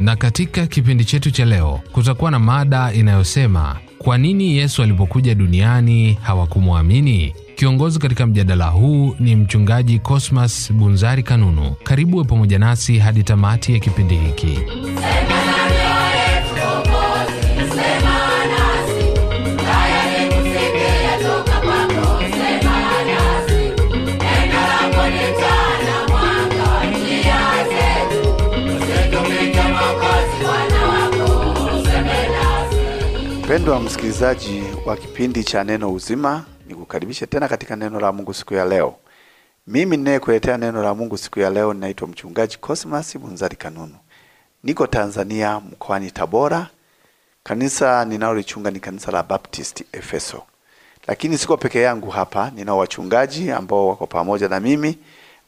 Na katika kipindi chetu cha leo kutakuwa na mada inayosema kwa nini Yesu alipokuja duniani hawakumwamini? Kiongozi katika mjadala huu ni mchungaji Cosmas Bunzari Kanunu. Karibu we pamoja nasi hadi tamati ya kipindi hiki. Mpendwa msikilizaji wa kipindi cha Neno Uzima, nikukaribishe tena katika neno la Mungu siku ya leo. Mimi ninayekuletea neno la Mungu siku ya leo ninaitwa Mchungaji Cosmas Munzari Kanunu, niko Tanzania, mkoani Tabora. Kanisa ninalolichunga ni kanisa la Baptist Efeso, lakini siko peke yangu hapa, nina wachungaji ambao wako pamoja na mimi.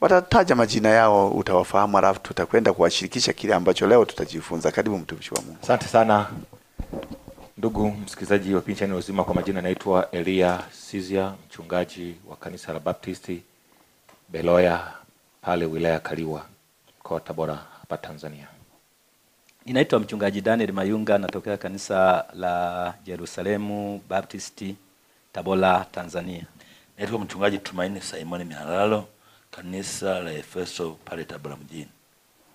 Watataja majina yao, utawafahamu, alafu tutakwenda kuwashirikisha kile ambacho leo tutajifunza. Karibu mtumishi wa Mungu. Asante sana Ndugu msikilizaji wa ni Uzima, kwa majina naitwa Elia Sizia, mchungaji wa kanisa la Baptisti Beloya pale wilaya Kaliwa, mkoa wa Tabora, hapa Tanzania. Ninaitwa mchungaji Daniel Mayunga, natokea kanisa la Jerusalemu Baptisti Tabora, Tanzania. Naitwa mchungaji Tumaini Simoni Mihalalo, kanisa la Efeso pale Tabora mjini.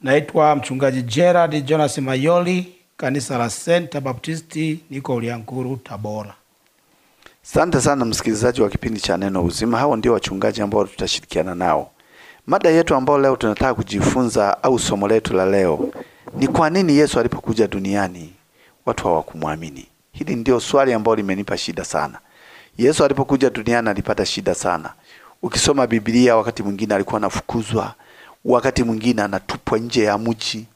Naitwa mchungaji Gerard Jonas Mayoli kanisa la Senta Baptisti, niko Uliankuru, Tabora. Asante sana msikilizaji wa kipindi cha Neno Uzima. Hao ndio wachungaji ambao tutashirikiana nao. Mada yetu ambayo leo tunataka kujifunza au somo letu la leo ni kwa nini Yesu alipokuja duniani watu hawakumwamini. Hili ndio swali ambalo limenipa shida sana. Yesu alipokuja duniani alipata shida sana. Ukisoma Biblia, wakati mwingine alikuwa anafukuzwa, wakati mwingine anatupwa nje ya mji,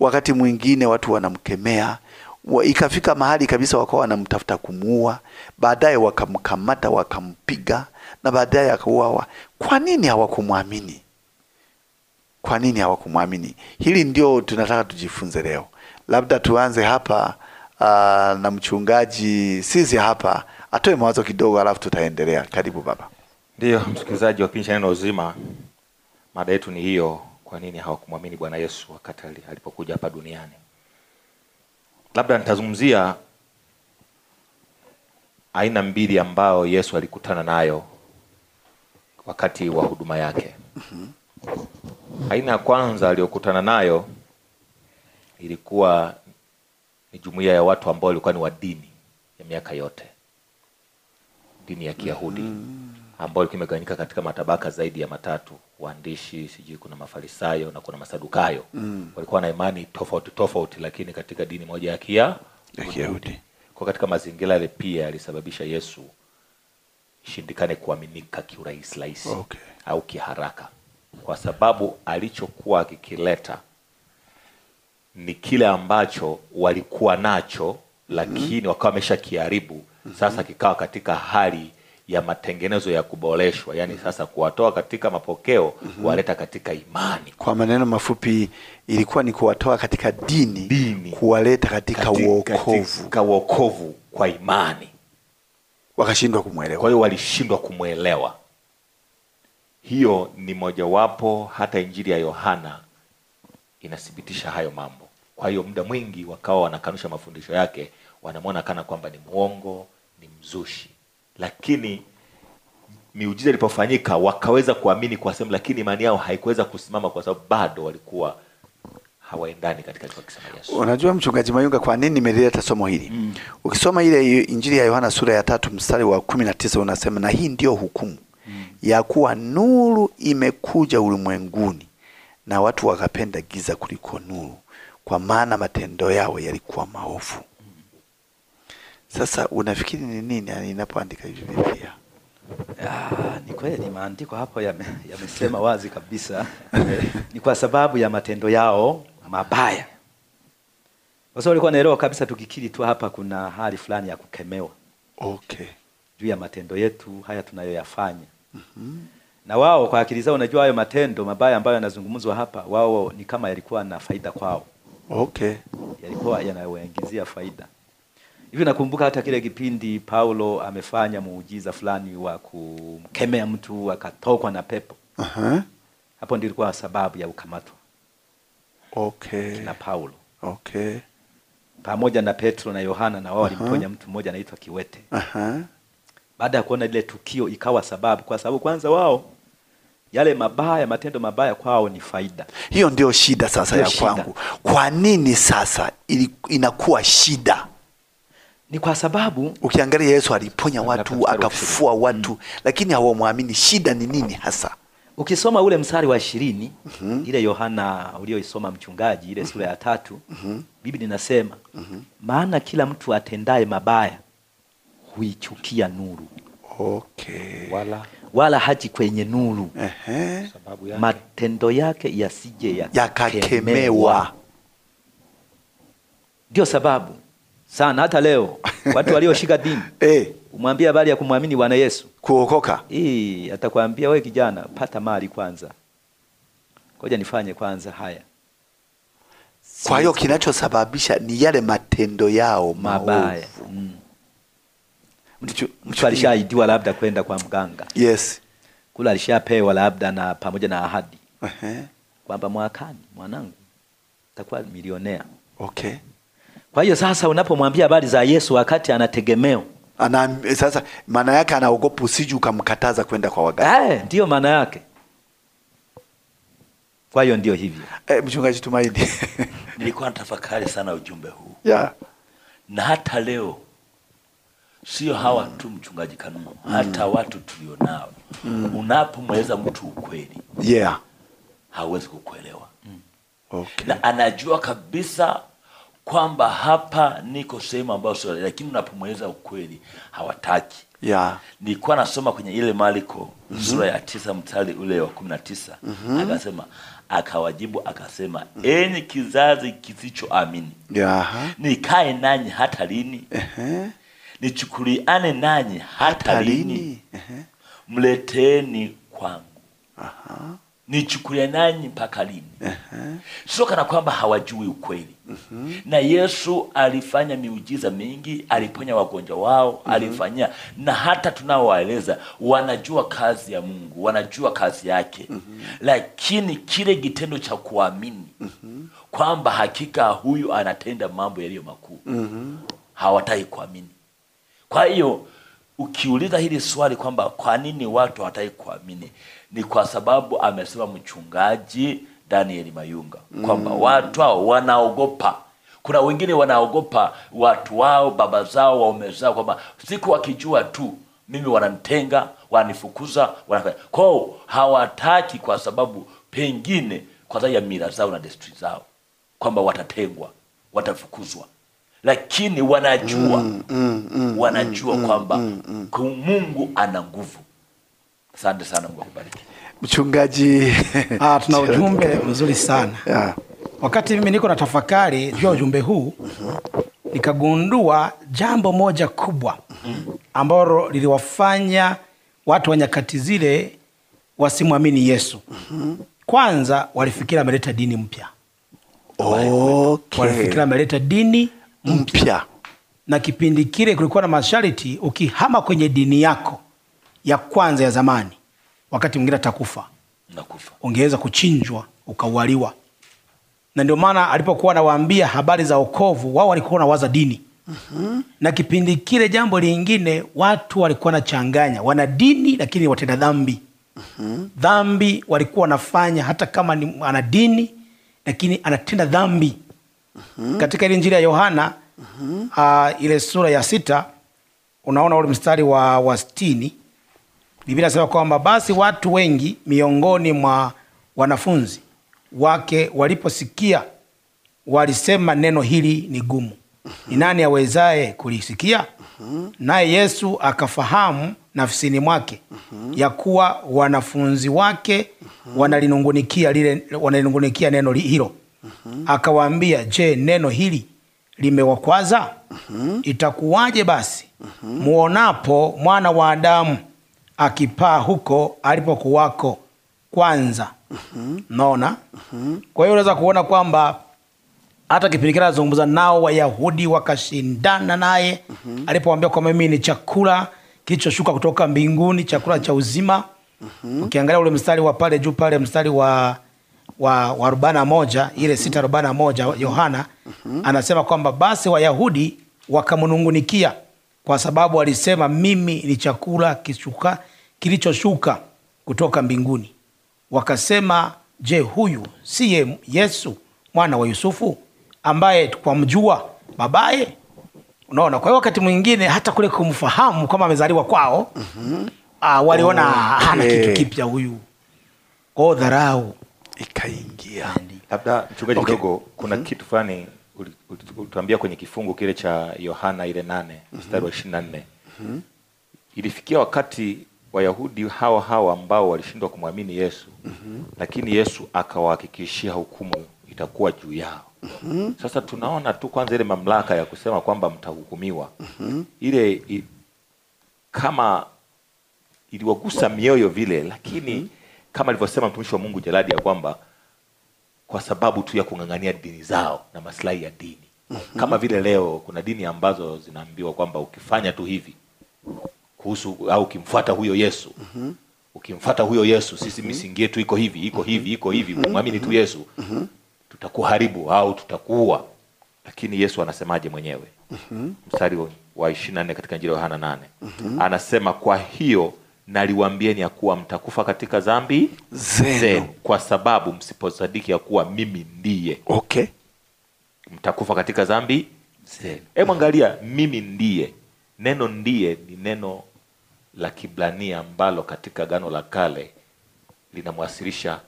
Wakati mwingine watu wanamkemea, ikafika mahali kabisa wakawa wanamtafuta kumuua, baadaye wakamkamata, wakampiga na baadaye akauawa. Kwa nini hawakumwamini? Kwa nini hawakumwamini? Hili ndio tunataka tujifunze leo. Labda tuanze hapa aa, ah, na mchungaji Sizi hapa atoe mawazo kidogo, alafu tutaendelea. Karibu baba. ndio msikilizaji wa kipindi cha Neno Uzima, mada yetu ni hiyo, kwa nini hawakumwamini Bwana Yesu wakati alipokuja hapa duniani. Labda nitazungumzia aina mbili ambayo Yesu alikutana nayo wakati wa huduma yake. Mhm. Aina ya kwanza aliyokutana nayo ilikuwa ni jumuiya ya watu ambao walikuwa ni wa dini ya miaka yote, dini ya Kiyahudi. Mhm ambayo ilikuwa imegawanyika katika matabaka zaidi ya matatu, waandishi, sijui kuna mafarisayo na kuna masadukayo mm. walikuwa na imani tofauti tofauti, lakini katika dini moja ya kia ya Kiyahudi. Kwa katika mazingira yale pia yalisababisha Yesu shindikane kuaminika kiurahisi rahisi okay. au kiharaka, kwa sababu alichokuwa akikileta ni kile ambacho walikuwa nacho, lakini mm. wakawa wameshakiharibu. Mm-hmm. Sasa kikawa katika hali ya matengenezo ya kuboreshwa, yani mm-hmm. sasa kuwatoa katika mapokeo mm -hmm. kuwaleta katika imani. Kwa maneno mafupi, ilikuwa ni kuwatoa katika dini, dini. kuwaleta katika wokovu, katika wokovu kwa imani. Wakashindwa kumwelewa, kwa hiyo walishindwa kumwelewa. Hiyo ni mojawapo, hata injili ya Yohana inathibitisha hayo mambo. Kwa hiyo muda mwingi wakawa wanakanusha mafundisho yake, wanamwona kana kwamba ni mwongo, ni mzushi lakini miujiza ilipofanyika wakaweza kuamini kwa sehemu, lakini imani yao haikuweza kusimama kwa sababu bado walikuwa hawaendani katika kisema Yesu. Unajua mchungaji Mayunga, kwa nini nimeleta somo hili mm? Ukisoma ile Injili ya Yohana sura ya tatu mstari wa kumi na tisa unasema na hii ndiyo hukumu mm, ya kuwa nuru imekuja ulimwenguni na watu wakapenda giza kuliko nuru, kwa maana matendo yao yalikuwa maovu. Sasa unafikiri ni nini yani ninapoandika hivi Biblia? Ah, ni kweli maandiko hapo yamesema ya wazi kabisa ni kwa sababu ya matendo yao mabaya. sababu walikuwa naelewa kabisa, tukikiri tu hapa kuna hali fulani ya kukemewa, okay, juu ya matendo yetu haya tunayoyafanya. mm -hmm. Na wao kwa akili zao, unajua hayo matendo mabaya ambayo yanazungumzwa hapa, wao ni kama yalikuwa na faida kwao, okay, yalikuwa yanawaingizia faida Hivi nakumbuka hata kile kipindi Paulo amefanya muujiza fulani wa kumkemea mtu akatokwa na pepo. -huh. Hapo ndio ilikuwa sababu ya ukamatwa. Okay. Na Paulo. Okay. Pamoja na Petro na Yohana na wao walimponya mtu mmoja anaitwa kiwete. -huh. Baada ya kuona ile tukio ikawa sababu kwa sababu kwanza wao yale mabaya matendo mabaya kwao ni faida. Hiyo ndio shida sasa ndio ya shida kwangu. Kwa nini sasa ili, inakuwa shida ni kwa sababu ukiangalia Yesu aliponya watu akafufua watu mm. lakini hawamwamini. Shida ni nini hasa? Ukisoma ule msari wa ishirini mm -hmm. ile Yohana ulioisoma mchungaji, ile mhm. sura ya tatu mm -hmm. Biblia inasema mm -hmm. maana kila mtu atendaye mabaya huichukia nuru okay. wala, wala haji kwenye nuru uh -huh. sababu yake. matendo yake yasije yakakemewa, yakakemewa. Ndio sababu sana hata leo watu walioshika dini eh, umwambie habari ya kumwamini Bwana Yesu kuokoka, hii atakwambia wewe kijana, pata mali kwanza, ngoja nifanye kwanza haya. Kwa hiyo kinachosababisha ni yale matendo yao mabaya mm. Mtu alishaidiwa labda kwenda kwa mganga yes, kula alishapewa labda na pamoja na ahadi uh -huh. kwamba mwakani mwanangu atakuwa milionea okay kwa hiyo sasa unapomwambia habari za Yesu wakati anategemeo ana, sasa maana yake anaogopa usije ukamkataza kwenda kwa waganga. Eh, Ndiyo maana yake. Kwa hiyo ndio hivyo. Eh, Mchungaji Tumaini nilikuwa natafakari sana ujumbe huu yeah. Na hata leo sio hawa mm. tu Mchungaji mm. hata watu tulionao mm. unapomweleza mtu ukweli yeah. hawezi kukuelewa mm. okay. Na anajua kabisa kwamba hapa niko sehemu ambayo sio, lakini unapomweleza ukweli hawataki. Yeah. Nilikuwa nasoma kwenye ile Marko mm -hmm. sura ya tisa mstari ule wa kumi na tisa mm -hmm. akasema akawajibu akasema, mm -hmm. enyi kizazi kisichoamini, yeah. nikae nanyi hata lini? uh -huh. nichukuliane nanyi hata, hata lini? uh -huh. mleteni kwangu. uh -huh nichukulie nanyi mpaka lini? uh -huh. Sio kana kwamba hawajui ukweli. uh mhm. -huh. Na Yesu alifanya miujiza mingi, aliponya wagonjwa wao. uh mhm. -huh. Alifanyia na hata tunaowaeleza wanajua kazi ya Mungu, wanajua kazi yake. uh mhm. -huh. Lakini kile kitendo cha kuamini uh -huh. kwamba hakika huyu anatenda mambo yaliyo makuu uh -huh. hawataki kuamini. Kwa hiyo ukiuliza hili swali kwamba kwa nini watu hawataki kuamini ni kwa sababu amesema mchungaji Daniel Mayunga kwamba mm. watu hao wanaogopa. Kuna wengine wanaogopa watu wao, baba zao, waume zao, kwamba siku wakijua tu mimi wanantenga wananifukuza, wanafanya kwao. Hawataki kwa sababu pengine kwa sababu ya mila zao na desturi zao, kwamba watatengwa, watafukuzwa, lakini wanajua mm, mm, mm, wanajua mm, kwamba mm, mm, Mungu ana nguvu Asante sana, Mungu akubariki mchungaji. Ah, tuna ujumbe mzuri sana yeah. Wakati mimi niko na tafakari juu ya ujumbe huu nikagundua jambo moja kubwa ambalo liliwafanya watu wa nyakati zile wasimwamini Yesu. Kwanza walifikiri ameleta dini mpya okay. Walifikiri ameleta dini mpya, na kipindi kile kulikuwa na masharti, ukihama kwenye dini yako ya kwanza ya zamani, wakati mwingine atakufa, ungeweza kuchinjwa ukaualiwa. Na ndio maana alipokuwa anawaambia habari za wokovu, wao walikuwa wanawaza dini Uhum. Na kipindi kile, jambo lingine, watu walikuwa wanachanganya, wana dini lakini watenda dhambi. Uhum. Dhambi walikuwa wanafanya, hata kama ni ana dini lakini anatenda dhambi. Uhum. Katika ile Injili ya Yohana uh, ile sura ya sita unaona ule mstari wa, wa sitini Biblia inasema kwamba basi watu wengi miongoni mwa wanafunzi wake waliposikia walisema, neno hili ni gumu, ni nani awezaye kulisikia? Naye Yesu akafahamu nafsini mwake ya kuwa wanafunzi wake wanalinungunikia lile wanalinungunikia neno hilo, akawaambia, je, neno hili limewakwaza? Itakuwaje basi muonapo mwana wa Adamu akipaa huko alipokuwako kwanza. mm -hmm. Naona mm -hmm. Kwa hiyo unaweza kuona kwamba hata kipindi kile anazungumza nao Wayahudi wakashindana naye mm -hmm. alipowambia kwamba mimi ni chakula kilichoshuka kutoka mbinguni, chakula cha uzima. mm -hmm. Ukiangalia ule mstari wa pale juu pale mstari wa wa, wa moja ile mm -hmm. sita arobana moja Yohana mm -hmm. anasema kwamba basi Wayahudi wakamnungunikia kwa sababu alisema mimi ni chakula kishuka kilichoshuka kutoka mbinguni. Wakasema, je, huyu siye Yesu mwana wa Yusufu ambaye mjua babaye? Unaona, kwa hiyo wakati mwingine hata kule kumfahamu kama amezaliwa kwao mm -hmm. waliona oh, hana hey. kitu kipya huyu kwao, dharau ikaingia labda mchungaji okay. kidogo kuna mm -hmm. kitu fulani ulituambia kwenye kifungu kile cha Yohana ile nane mhm. mstari wa ishirini na nne mhm. ilifikia wakati Wayahudi hawa hawa ambao walishindwa kumwamini Yesu mm -hmm. Lakini Yesu akawahakikishia hukumu itakuwa juu yao mm -hmm. Sasa tunaona tu kwanza ile mamlaka ya kusema kwamba mtahukumiwa mm -hmm. ile i, kama iliwagusa mioyo vile, lakini mm -hmm. kama alivyosema mtumishi wa Mungu Jaladi ya kwamba kwa sababu tu ya kung'ang'ania dini zao na maslahi ya dini. Mm-hmm. Kama vile leo kuna dini ambazo zinaambiwa kwamba ukifanya tu hivi kuhusu au ukimfuata huyo Yesu mm-hmm. ukimfuata huyo Yesu sisi mm-hmm. misingi yetu iko hivi iko mm-hmm. hivi iko hivi mm-hmm. mwamini tu Yesu mm-hmm. tutakuharibu au tutakuua, lakini Yesu anasemaje mwenyewe? mm-hmm. mstari wa ishirini na nne katika Injili ya Yohana nane mm-hmm. anasema kwa hiyo naliwambieni ya kuwa mtakufa katika zambi zenu. kwa sababu msiposadiki ya kuwa mimi ndiye. Okay, mtakufa katika zambi zenu. Hebu angalia mimi ndiye, neno ndiye ni neno la Kibrania ambalo katika gano la Kale linamwasilisha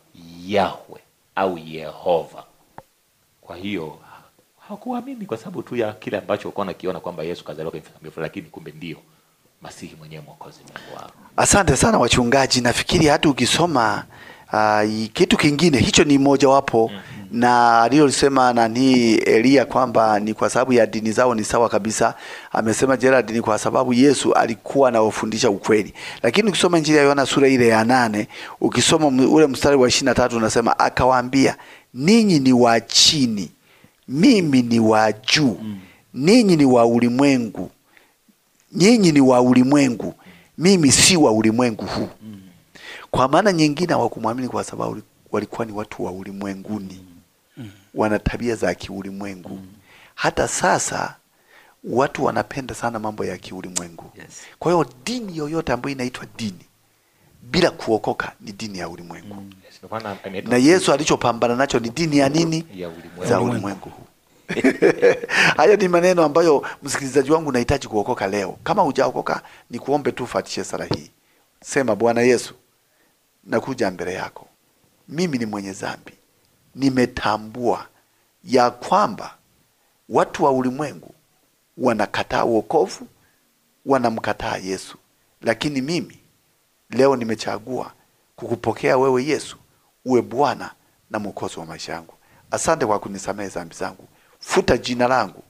Yahwe au Yehova. Kwa hiyo hakuamini kwa sababu tu ya kile ambacho walikuwa wanakiona kwamba Yesu kazaliwa, lakini kumbe ndio Masihi mwenyewe mwokozi Mungu wao. Asante sana wachungaji, nafikiri hata ukisoma uh, kitu kingine hicho ni wapo mm -hmm na aliyosema nani Elia kwamba ni kwa sababu ya dini zao ni sawa kabisa. Amesema Gerard ni kwa sababu Yesu alikuwa anawafundisha ukweli, lakini ukisoma Injili ya Yohana sura ile ya nane ukisoma ule mstari wa ishirini na tatu unasema akawaambia, ninyi ni wa chini, mimi ni wa juu, mm. ninyi ni wa ulimwengu nyinyi ni wa ulimwengu, mimi si wa ulimwengu huu. Kwa maana nyingine hawakumwamini kwa sababu walikuwa ni watu wa ulimwenguni, wana tabia za kiulimwengu. Hata sasa watu wanapenda sana mambo ya kiulimwengu. Kwa hiyo dini yoyote ambayo inaitwa dini bila kuokoka ni dini ya ulimwengu, mm. na Yesu alichopambana nacho ni dini ya nini? Za ulimwengu huu. Haya ni maneno ambayo msikilizaji wangu unahitaji kuokoka leo. Kama hujaokoka, ni kuombe tu, fuatishe sala hii, sema: Bwana Yesu, nakuja mbele yako, mimi ni mwenye dhambi, nimetambua ya kwamba watu wa ulimwengu wanakataa wokovu, wanamkataa Yesu, lakini mimi leo nimechagua kukupokea wewe Yesu uwe Bwana na Mwokozi wa maisha yangu. Asante kwa kunisamehe dhambi zangu futa jina langu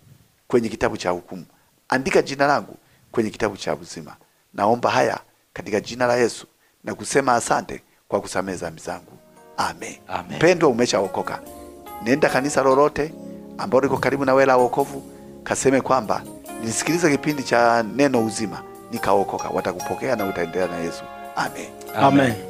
kwenye kitabu cha hukumu, andika jina langu kwenye kitabu cha uzima. Naomba haya katika jina la Yesu na kusema asante kwa kusamehe dhambi zangu, amen. Amen. Pendwa, umeshaokoka. Nenda kanisa lolote ambalo liko karibu na wela wokovu, kaseme kwamba nisikilize kipindi cha neno uzima nikaokoka. Watakupokea na utaendelea na Yesu. Amen. Amen. Amen.